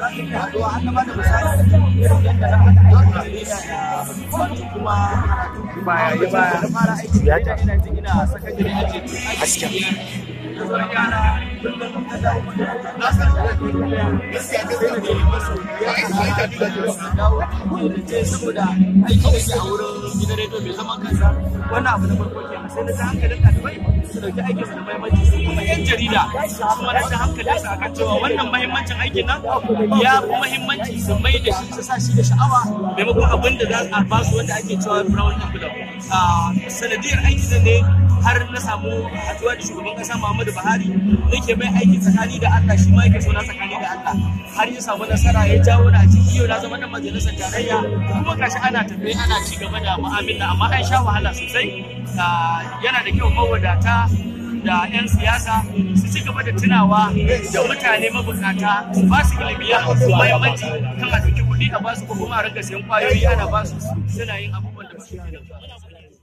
za su iya haɗuwa an na bada misali irin yadda na haɗa aiki da ni kuma karatu ya baya fara aiki da ina jin ina sakandare aji saboda aiki yake a wurin gidareto mai zaman kansa wannan abu na farko kenan sai na ta hankalin ɗalibai su dauki aikin su da mahimmanci su kuma yan jarida su kuma rashin hankalin su akan cewa wannan mahimmancin aikin nan ya fi mahimmanci su mai da shi su sa shi da sha'awa maimakon abin da za a ba su wanda ake cewa brown envelope ah, sanadiyar aikin ne har na samu haduwa da shugaban kasa Muhammadu Buhari nake mai aiki tsakani da Allah shi ma yake so na tsakani da Allah har ya samu nasara ya jawo na ciki yau na zama dan majalisar tarayya kuma kashi ana tafe ana ci gaba da mu'amala amma an sha wahala sosai ah, yana da kyau mawadata da 'yan siyasa su ci gaba da tunawa da mutane mabukata su ba su ilimi su mahimmanci kan a kuɗi a ba su ko kuma a rinka kwayoyi ana ba su suna yin abubuwan da ba su yi